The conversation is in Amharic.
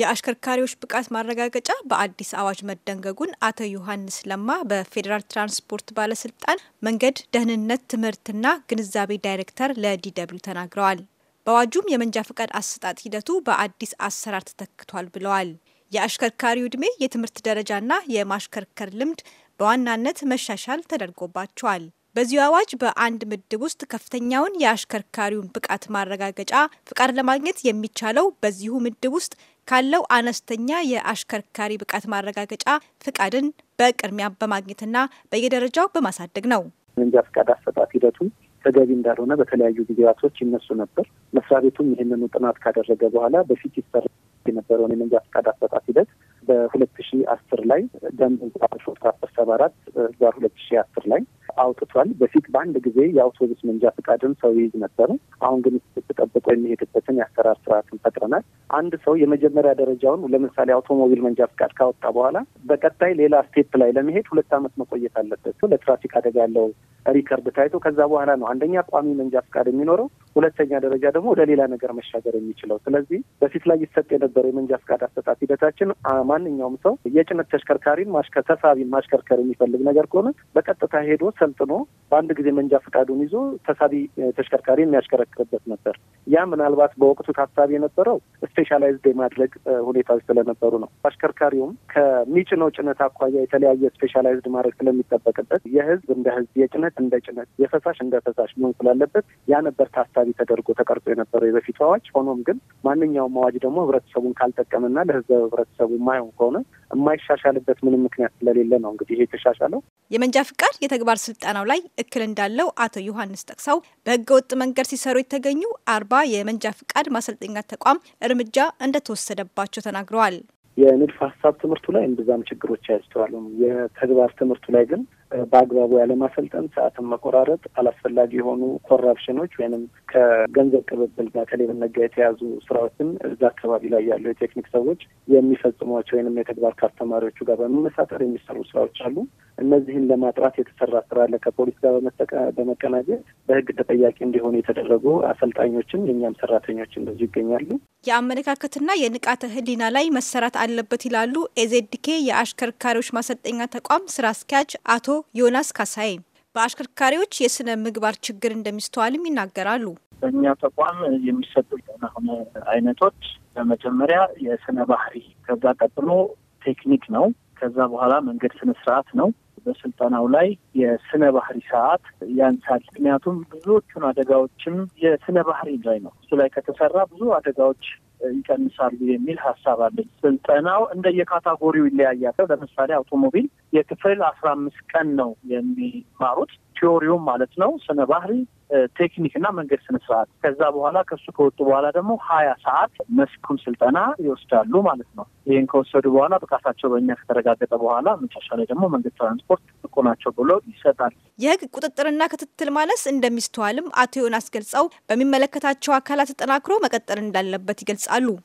የአሽከርካሪዎች ብቃት ማረጋገጫ በአዲስ አዋጅ መደንገጉን አቶ ዮሐንስ ለማ በፌዴራል ትራንስፖርት ባለስልጣን መንገድ ደህንነት ትምህርትና ግንዛቤ ዳይሬክተር ለዲደብሊው ተናግረዋል። በአዋጁም የመንጃ ፈቃድ አሰጣጥ ሂደቱ በአዲስ አሰራር ተተክቷል ብለዋል። የአሽከርካሪው ዕድሜ፣ የትምህርት ደረጃና የማሽከርከር ልምድ በዋናነት መሻሻል ተደርጎባቸዋል። በዚሁ አዋጅ በአንድ ምድብ ውስጥ ከፍተኛውን የአሽከርካሪውን ብቃት ማረጋገጫ ፍቃድ ለማግኘት የሚቻለው በዚሁ ምድብ ውስጥ ካለው አነስተኛ የአሽከርካሪ ብቃት ማረጋገጫ ፍቃድን በቅድሚያ በማግኘትና በየደረጃው በማሳደግ ነው። መንጃ ፍቃድ አሰጣት ሂደቱ ተገቢ እንዳልሆነ በተለያዩ ጊዜያቶች ይነሱ ነበር። መስሪያ ቤቱም ይህንኑ ጥናት ካደረገ በኋላ በፊት ይሰራ የነበረውን የመንጃ ፍቃድ አሰጣጥ ሂደት በሁለት ሺ አስር ላይ ደንብ ሶስት ሰባ አራት ዛር ሁለት ሺ አስር ላይ አውጥቷል። በፊት በአንድ ጊዜ የአውቶቡስ መንጃ ፍቃድን ሰው ይይዝ ነበር አሁን ግን ተጠብቆ የሚሄድበትን የአሰራር ስርዓትን ፈጥረናል። አንድ ሰው የመጀመሪያ ደረጃውን ለምሳሌ አውቶሞቢል መንጃ ፍቃድ ካወጣ በኋላ በቀጣይ ሌላ ስቴፕ ላይ ለመሄድ ሁለት ዓመት መቆየት አለበት። ለትራፊክ አደጋ ያለው ሪከርድ ታይቶ ከዛ በኋላ ነው አንደኛ ቋሚ መንጃ ፍቃድ የሚኖረው፣ ሁለተኛ ደረጃ ደግሞ ወደ ሌላ ነገር መሻገር የሚችለው። ስለዚህ በፊት ላይ ይሰጥ የነበረው የመንጃ ፍቃድ አሰጣት ሂደታችን ማንኛውም ሰው የጭነት ተሽከርካሪን ተሳቢን ማሽከርከር የሚፈልግ ነገር ከሆነ በቀጥታ ሄዶ ሰልጥኖ በአንድ ጊዜ መንጃ ፍቃዱን ይዞ ተሳቢ ተሽከርካሪ የሚያሽከረክርበት ነበር። ያ ምናልባት በወቅቱ ታሳቢ የነበረው ስፔሻላይዝድ የማድረግ ሁኔታዎች ስለነበሩ ነው። አሽከርካሪውም ከሚጭነው ጭነት አኳያ የተለያየ ስፔሻላይዝድ ማድረግ ስለሚጠበቅበት የህዝብ እንደ ህዝብ፣ የጭነት እንደ ጭነት፣ የፈሳሽ እንደ ፈሳሽ መሆን ስላለበት ያ ነበር ታሳቢ ተደርጎ ተቀርጾ የነበረው የበፊቱ አዋጅ። ሆኖም ግን ማንኛውም አዋጅ ደግሞ ህብረተሰቡን ካልጠቀምና ለህዝብ ህብረተሰቡ የማይሆን ከሆነ የማይሻሻልበት ምንም ምክንያት ስለሌለ ነው እንግዲህ ይሄ የተሻሻለው። የመንጃ ፍቃድ የተግባር ስልጠናው ላይ እክል እንዳለው አቶ ዮሐንስ ጠቅሰው በህገወጥ መንገድ ሲሰሩ የተገኙ አርባ የመንጃ ፍቃድ ማሰልጠኛ ተቋም እርምጃ እንደተወሰደባቸው ተናግረዋል። የንድፍ ሀሳብ ትምህርቱ ላይ እንብዛም ችግሮች አያስተዋሉም። የተግባር ትምህርቱ ላይ ግን በአግባቡ ያለማሰልጠን፣ ሰዓትን መቆራረጥ፣ አላስፈላጊ የሆኑ ኮራፕሽኖች ወይንም ከገንዘብ ቅብብል ጋር ከሌብነት ጋር የተያዙ ስራዎችን እዛ አካባቢ ላይ ያሉ የቴክኒክ ሰዎች የሚፈጽሟቸው ወይንም የተግባር ካስተማሪዎቹ ጋር በመመሳጠር የሚሰሩ ስራዎች አሉ። እነዚህን ለማጥራት የተሰራ ስራ አለ። ከፖሊስ ጋር በመቀናጀት በህግ ተጠያቂ እንዲሆኑ የተደረጉ አሰልጣኞችም የእኛም ሰራተኞች እንደዚሁ ይገኛሉ። የአመለካከትና የንቃተ ህሊና ላይ መሰራት አለበት ይላሉ ኤዜድኬ የአሽከርካሪዎች ማሰልጠኛ ተቋም ስራ አስኪያጅ አቶ ዮናስ ካሳይ። በአሽከርካሪዎች የስነ ምግባር ችግር እንደሚስተዋልም ይናገራሉ። በእኛ ተቋም የሚሰጡ አሁን አይነቶች በመጀመሪያ የስነ ባህሪ፣ ከዛ ቀጥሎ ቴክኒክ ነው። ከዛ በኋላ መንገድ ስነ ስርዓት ነው። በስልጠናው ላይ የስነ ባህሪ ሰዓት ያንሳል። ምክንያቱም ብዙዎቹን አደጋዎችም የስነ ባህሪ ላይ ነው። እሱ ላይ ከተሰራ ብዙ አደጋዎች ይቀንሳሉ የሚል ሀሳብ አለኝ። ስልጠናው እንደየካታጎሪው ይለያያል። ለምሳሌ አውቶሞቢል የክፍል አስራ አምስት ቀን ነው የሚማሩት ቲዎሪውም ማለት ነው ስነ ባህሪ፣ ቴክኒክ እና መንገድ ስነስርዓት። ከዛ በኋላ ከሱ ከወጡ በኋላ ደግሞ ሀያ ሰዓት መስኩን ስልጠና ይወስዳሉ ማለት ነው። ይህን ከወሰዱ በኋላ ብቃታቸው በእኛ ከተረጋገጠ በኋላ መጨረሻ ላይ ደግሞ መንገድ ትራንስፖርት ጥቁ ናቸው ብሎ ይሰጣል። የህግ ቁጥጥርና ክትትል ማነስ እንደሚስተዋልም አቶ ዮናስ ገልጸው በሚመለከታቸው አካላት ተጠናክሮ መቀጠል እንዳለበት ይገልጻል። Allô